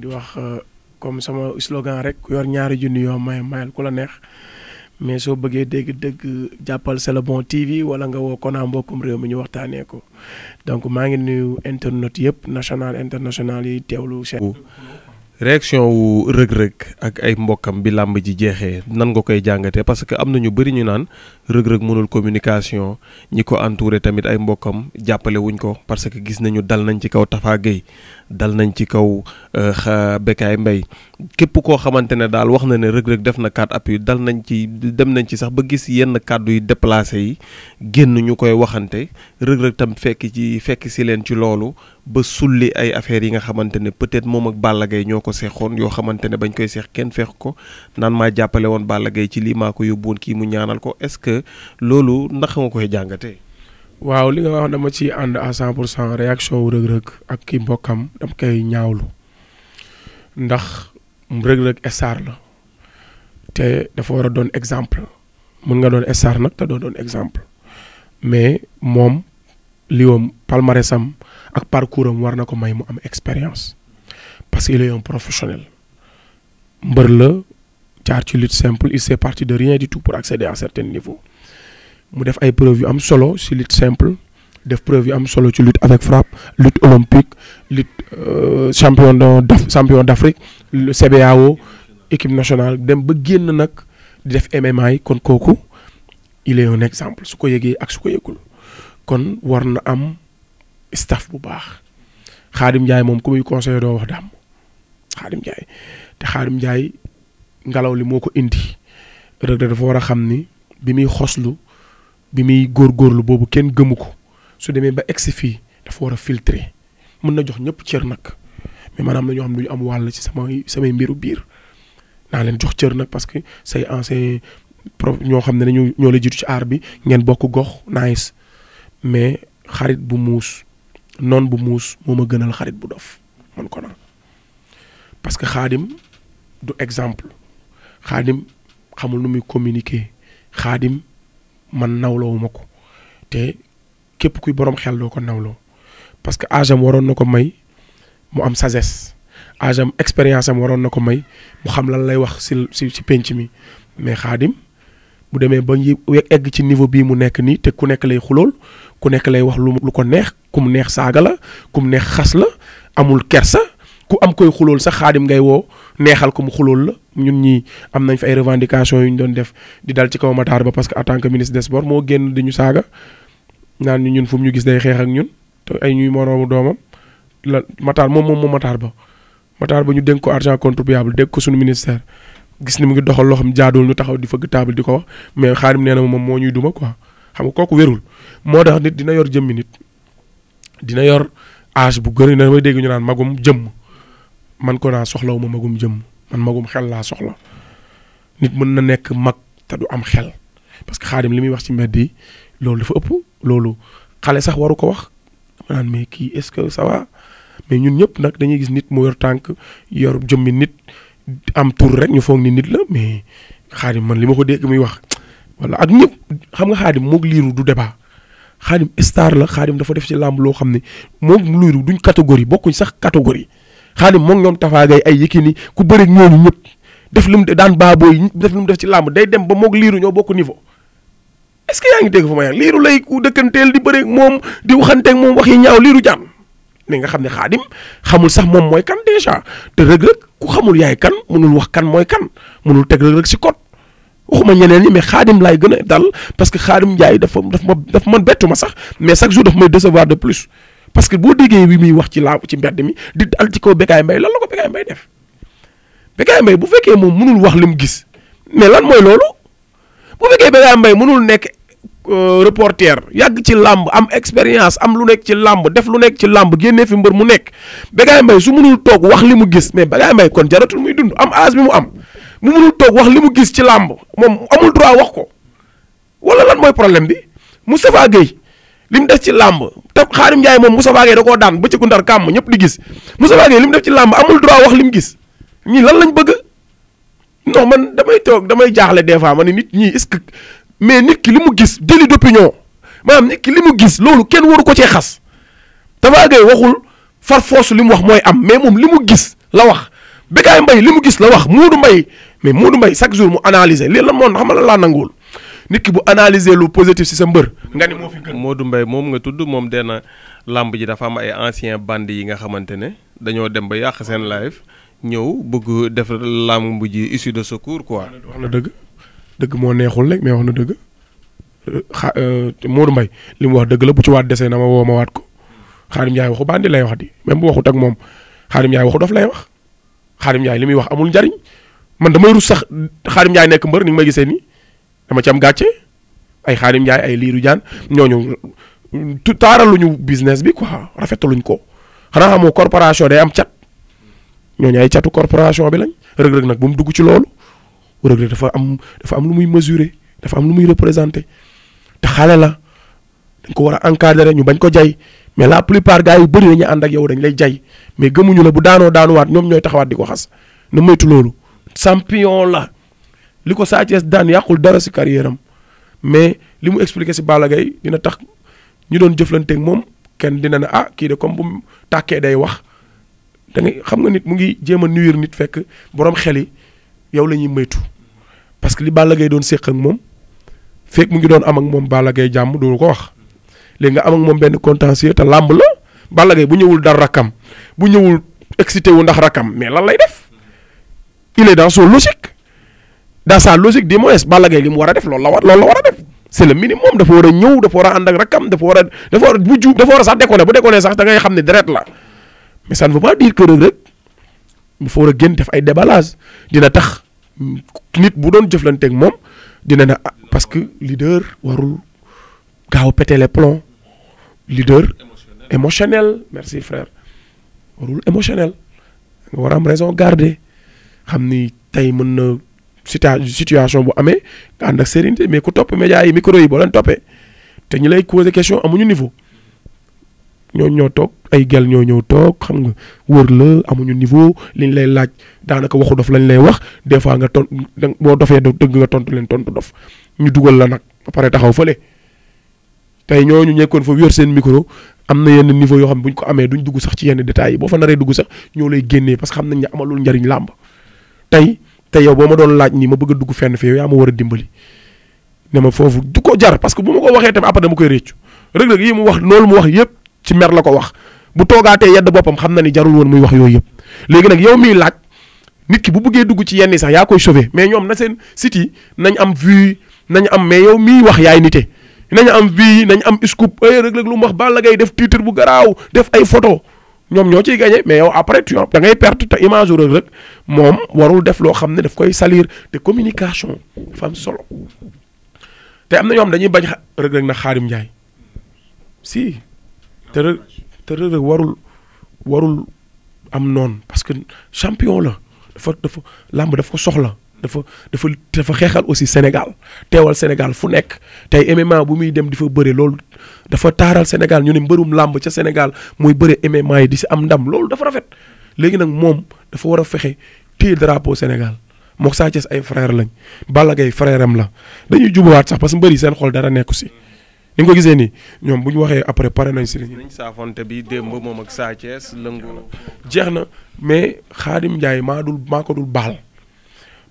di wax euh, comme sama slogan rek ku yor ñaari junni yoo may mayal ku la neex mais soo bëggee dégg-dégg jàppal C'est le bon TV wala nga woo Kona mbokkum réew mi ñu waxtaanee ko donc maa ngi nuyu internet yëpp national international yi teewlu. réaction wu rëg-rëg ak ay mbokkam bi làmb ji jeexee nan nga koy jàngatee parce que am na ñu bëri ñu naan rëg-rëg mënul communication ñi ko entouré tamit ay mbokkam jàppalewuñ ko parce que gis nañu dal nañ ci kaw Tafa Gueye dal nañ ci kaw euh, Bécaye mbay képp koo xamante ne daal wax na ne rëg-rëg def na quatre appuis dal nañ ci dem nañ ci sax ba gis yenn kàddu yu déplacé yi génn ñu koy waxante rëg-rëg tam fekk ci fekk si leen ci loolu ba sulli ay affaires yi nga xamante ne peut-être moom ak Balla Gaye ñoo ko seexoon yoo xamante ne bañ koy seex kenn feex ko naan maa jàppale woon bàll Gaye ci lii maa ko yóbbu kii mu ñaanal ko est-ce que loolu ndax nga koy jàngatee. waaw li nga wax dama ci ànd à 100 pour cent réaction wu rëg-rëg ak ki mbokkam koy ñaawlu rëg-rëg star la te dafa war a exemple mën nga doon star nag te doo doon exemple mais moom liwam palmarèsam ak parcours am war na ko may mu am expérience parce qu'il est un professionnel mbër la jaar ci lutte simple il s'est parti de rien du tout pour accéder à certains niveaux mu def ay preuve yu am solo ci lutte simple def preuve yu am solo ci lutte avec frappe lutte olympique lutte euh, champion d'Af champion d'Afrique le CBAO équipe nationale dem ba génn nag di def MMA kon kooku il est un exemple su ko yëgee ak su ko yëgul kon war na am staff bu baax Xaadim Njaay moom ku muy conseiller doo wax daam Xaadim Njaay te Xaadim Njaay ngelaw li moo ko indi Reug Reug dafa war a xam ni bi muy xoslu bi muy góorgóorlu boobu kenn gëmu ko su demee ba egsi fii dafa war a filtrer mën na jox ñëpp cër nag mais maanaam na ñoo xam ne ñu am wàll ci samay samay mbiru biir naa leen jox cër nag parce que say ancien prof ñoo xam ne dañu ñoo la jiitu ci aar bi ngeen bokk gox nice mais xarit bu muus noon bu muus moo ma gënal xarit bu dof man ko naa parce que xaadim du exemple xaadim xamul nu muy communiquer xaadim man nawloowu ko te képp kuy boroom xel doo ko nawloo parce que âge waroon na ko may mu am sagesse âge expérience am waroon na ko may mu xam lan lay wax si si si penc mi mais xaadim bu demee ba ñu egg ci niveau bii mu nekk nii te ku nekk lay xulool ku nekk lay wax lu lu ko neex ku mu neex saaga la ku mu neex xas la amul kersa ku am koy xulool sax xaadim ngay woo neexal ko mu xulool la ñun ñi am nañ fi ay revendications yu ñu doon def di dal ci kaw Matar Ba parce que en tant que ministre des moo génn di ñu saaga naan ñun fu ñu gis day xeex ak ñun. ay ñuy moroomu doomam la Matar moom moom moom Matar ba Matar ba ñu dénk ko argent contribuable dénk ko suñu ministère gis ni mu ngi doxal loo xam jaaduwul ñu taxaw di fëgg table di ko wax mais xaarim nee na moom moo ñuy duma ko xam nga kooku wérul moo tax nit dina yor jëmmi nit dina yor âge bu gën na may dégg ñu naan magum jëmm man ko naa soxlawu ma magum jëmm man magum xel laa soxla nit mën na nekk mag te du am xel parce que xaadim li muy wax ci mbedd yi loolu dafa ëpp loolu xale sax waru ko wax ma mais kii est-ce que ça mais ñun ñëpp nag dañuy gis nit mu yor tànk yor jëmmi nit am tur rek ñu foog ni nit la mais xaadim man li ma ko dégg muy wax wala ak ñëpp xam nga xaadim moog liiru du débat xaadim star la xaadim dafa def ci làmb loo xam ne moog liiru duñ catégorie bokkuñ sax catégorie xaadim moog ñoom tafaagay ay Yékini ku bëri ñooñu ñëpp def lu mu daan baaboo yi def lu mu def ci làmb day dem ba moog liiru ñoo bokk niveau est-ce que yaa ngi dégg fa ma yàgg liiru lay ku dëkkanteel di bëreeg moom di waxanteeg moom wax yi ñaaw liiru jàmm mais nga xam ne xaadim xamul sax moom mooy kan déjà te rëg-rëg ku xamul yaay kan mënul wax kan mooy kan mënul teg rëg-rëg si kot waxuma ñeneen ñi mais xaadim laay gën a dal parce que xaadim Njaay dafa daf ma daf man bettu ma sax mais chaque jour daf may décevoir de plus parce que boo déggee wi muy wax ci laa ci mbedd mi di dal ci kaw Bécaye Mbaye lan la ko Bécaye Mbaye def Bécaye Mbaye bu fekkee moom mënul wax li mu gis mais lan mooy loolu bu fekkee Bécaye Mbaye mënul nekk Euh, reporter yàgg ci làmb am expérience am lu nekk ci làmb def lu nekk ci làmb génnee fi mbër mu nekk Bécaye Mbaye su mënul toog wax li mu gis mais Bécaye Mbaye kon jaratul muy dund am âge bi mu am mu mënul toog wax li mu gis ci làmb moom amul droit wax ko wala lan mooy problème bi mu Moustapha Gueye li mu def ci làmb te Xaadim Njaay moom Moustapha Gueye da koo daan bëccëgu ndar kàmm ñëpp di gis Moustapha Gueye li mu def ci làmb amul droit wax li mu gis ñii lan lañ bëgg non man damay toog damay jaaxle des fois ma ne nit ñi est mais nit ki li mu gis délit d'opinion maanaam nit ki li mu gis loolu kenn waru ko cee xas Tapha Gueye waxul far force li mu wax mooy am mais moom li mu gis la wax Bécaye Mbaye li mu gis la wax Modou Mbaye mais Modou Mbaye chaque jour mu analyser lii lan moo xam la laa nanguwul ki bu analyser lu positif si sa mbër nga ni moo fi gën. Modou Mbaye moom nga tudd moom dee na làmb ji dafa am ay ancien band yi nga xamante ne dañoo dem ba yàq seen live ñëw bëgg def làmb ji issue de secours quoi. wax na dëgg. dëgg moo neexul rek mais wax na dëgg xa euh, Modou Mbaye li mu wax dëgg la bu ci waat desee na ma woo ma waat ko Xaadim Ndiaye waxu bandi lay wax di même bu waxut ak moom Xaadim Ndiaye waxu dof lay wax Xaadim Ndiaye li muy wax amul njariñ man damay rus sax Xaadim Ndiaye nekk mbër ni nga may gisee nii dama ci am gàcce ay Xaadim Ndiaye ay liiru jaan ñooñu taaraluñu business bi quoi rafetaluñ ko xanaa xamoo corporation day am cat ñooñu ay catu corporation bi lañ rëg-rëg nag bu mu dugg ci loolu. Reug Reug dafa am dafa am lu muy mesurer dafa am lu muy représenter te xalé la dañ ko wara encadrer ñu bañ ko jay mais la plupart gars yu bari dañuy and ak yow dañ lay jay mais gëmuñu la bu daano daanuwaat ñoom ñom ñoy taxawat diko xass na meytu lolu champion la liko Sa ties dan yaqul dara ci carrière am mais limu expliquer ci si Balla Gaye dina tax ñu doon ak mom kenn dina na ah ki de comme bu také day wax da nga xam nga nit mu ngi jema nuyir nit fekk borom xeli yow lañuy meytu parce que li Balla gay doon sekk ak mom fek mu ngi doon am ak mom Balla gay jam do ko wax léegi nga am ak mom ben contentie ta lamb la Balla gay bu ñewul dar rakam bu ñewul excité wu ndax rakam mais lan lay def il est dans son logique dans sa logique du moins Balla gay li wara def lool la war loolu la wara def c'est le minimum dafa war a ñëw dafa war a ànd ak rakam dafa war a dafa war a bu ju dafa war a sax déconné bu déconné sax da ngay xamni ne la mais ça ne veut pas dire que rek mu fo wara a def ay déballage dina tax nit bu doon moom dina ah, parce que leader warul gaaw pété les leader émotionnel merci frère warul émotionnel nga raison garder xam ni tey situation bu amee nga sérénité mais ku topp médias yi micro yi boo leen toppee te ñu lay poser question niveau ñooñu ñoo toog ay gel ñoo ñëw toog xam nga wër la amuñu niveau liñ lay laaj daanaka waxu dof lañ lay wax des fois nga tont boo dofee dëgg nga tontu leen tontu dof ñu dugal la nag ba pare taxaw fële tey ñooñu ñekkoon fa wër seen micro am na yenn niveau yoo xam buñ ko amee duñ dugg sax ci yenn détails yi boo fa naree dugg sax ñoo lay génnee parce que xam nañ ne amalul njariñ làmb tey te yow boo ma doon laaj nii ma bëgg a dugg fenn fii yaa ma war a dimbali ne ma foofu du ko jar parce que bu ma ko waxee tamit après dama koy réccu Reug Reug yi mu wax loolu mu wax yëpp ci mer la ko wax bu toogaatee yedd boppam xam na ni jarul woon muy wax yooyu yëpp léegi nag yow miy laaj nit ki bu bëggee dugg ci yenn yi sax yaa koy sauver mais ñoom na seen site nañ am vue nañ am mais yow miy wax yaay nite nañ am vue nañ am scoop ay Reug lu mu wax Balla Gaye def titre bu garaaw def ay photo ñoom ñoo ciy gagné mais yow après tu da ngay perte te image Reug Reug moom warul def loo xam ne daf koy salir te communication dafa solo te am na dañuy bañ Reug Reug na Xaadim Njaay si te warul warul am noonu parce que champion la dafa dafa làmb dafa ko soxla dafa dafa dafa xeexal aussi Sénégal teewal Sénégal fu nekk tey MMA bu muy dem di fa bëre loolu dafa taaral Sénégal ñu ni mbërum làmb ca Sénégal mooy bëre MMA yi di si am ndam loolu dafa rafet léegi nag moom dafa war a fexe téye drapeau Sénégal mook Sa Thiès ay frère lañ Balla Gaye frère am la dañuy jubawaat sax parce que mbëri seen xol dara nekku si ni nga ko gisee nii ñoom bu ñu après pare nañ si nañ saafonte bi démb moom ak Sa Thiès lëngu jeex na mais Xaadim Njaay maa dul maa ko dul baal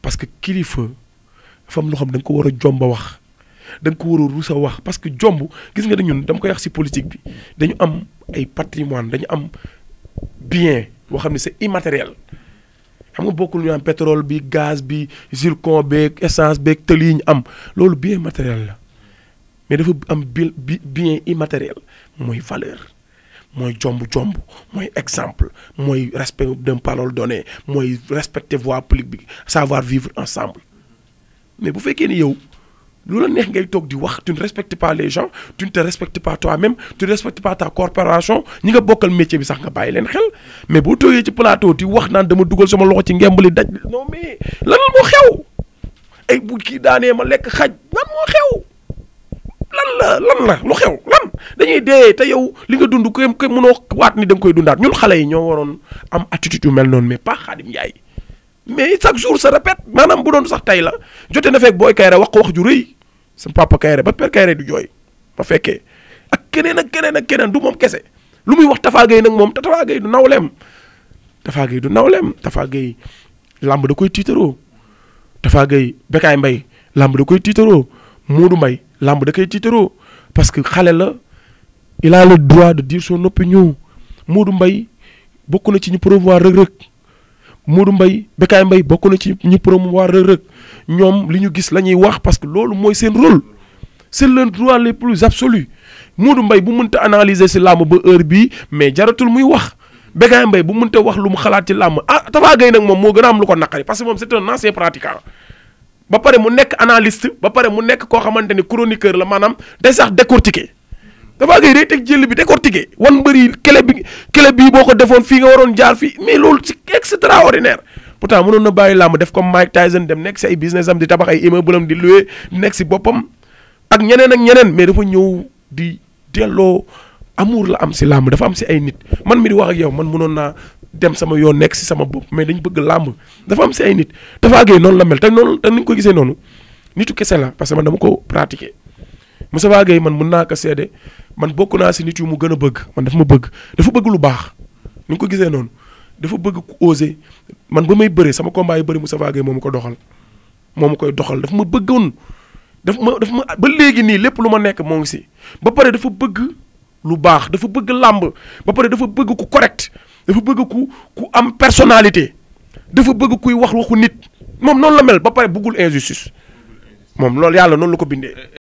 parce que kilifa dafa am loo xam da nga ko war a jomba wax da nga ko war a wax parce que jomb gis nga ñun dama koy wax si politique bi dañu am ay patrimoine dañu am bien boo xam ne c'est immatériel xam nga bokkul ñu am pétrole bi gaz bi zircon beeg essence beeg tëli yi am loolu bien matériel la mais dafa am bien immatériel mooy valeur mooy jomb-jomb mooy exemple mooy respect d'un parole donnée mooy respecter voix publique bi savoir vivre ensemble mais bu fekkee ni yow lu la neex ngay toog di wax tu ne respectes pas les gens tu ne te respectes pas toi-même tu ne respectes pas ta corporation ñi nga bokkal métier bi sax nga bàyyi leen xel mais boo toogee ci plateau di wax naan dama dugal sama loxo ci ngembali daj non mais lan moo xew ay bu kii daanee ma lekk xaj lan moo xew lan la lan la lu xew lan dañuy dee te yow li nga dund ko ko mënoo waat ni da nga koy dundaat ñun xale yi ñoo waroon am attitude yu mel noonu mais pas Khadim Ndiaye mais chaque jour ça répète maanaam bu doon la jote na fekk booy Kayre wax ko wax ju rëy sa papa Kayre ba père Kayre du jooy ba fekkee ak keneen ak keneen ak keneen du moom kese lu muy wax Tafa Gueye nag moom te Tafa Gueye du nawleem Tafa Gueye du nawleem Tafa Gueye làmb da koy tiitaroo Tafa Gueye Bekaay Mbaye làmb da koy tiitaroo Moodu Mbaye làmb da koy tiitaroo parce que xale la il a le droit de dire son opinion Modou mbay bokk na ci ñu promouvoir Reug Reug Modou mbay Bécaye mbay bokk na ci ñu promouvoir Reug Reug ñom li ñu gis lañuy wax parce que lolu moy sen rôle c'est le droit le plus absolu. Modou mbay bu ta analyser ci làmb ba heure bi mais jaratul muy wax Bécaye mbay bu ta wax lu mu xalaat ci làmb ah tafa gay nak mom mo gëna am lu ko nakari parce que mom c'est un ancien pratiquant ba pare mu nek analyste ba pare mu nek ko xamanteni ni chroniqueur la manam day sax décortiquer dafa gay day teg jël bi décortiquer wan mbëri clé bi clé bi boko defone fi nga waron jaar fi mais loolu ci extraordinaire pourtant mënon na bayyi lamb def comme Mike Tyson dem nek si ay business am di tabax ay immeuble am di louer nek si bopam ak ñeneen ak ñeneen mais dafa ñew di delloo amour la am si lamb dafa am si ay nit man mi di wax ak yow man mënon na dem sama yoon nekk si sama bopp mais dañ bëgg làmb dafa am si ay nit dafa àggee noonu la te noonu te ni nga ko gisee noonu nitu kese la parce que man dama ko pratiquer Moustapha Gueye man mun naa ko seede man bokk naa si nit yu mu gën a bëgg man dafa ma bëgg dafa bëgg lu baax ni nga ko gisee noonu dafa bëgg ku osé man ba may bëree sama combat yu bëri Moustapha Gueye moo ma ko doxal moo ma koy doxal dafa ma bëggoon dafa ma dafa ma ba léegi nii lépp lu ma nekk moo ngi si ba pare dafa bëgg lu baax dafa bëgg làmb ba pare dafa bëgg ku correct dafa bëgg ku ku am personnalité dafa bëgg kuy wax waxu nit moom noonu la mel ba pare bëggul injustice moom loolu yàlla noonu la ko bindee.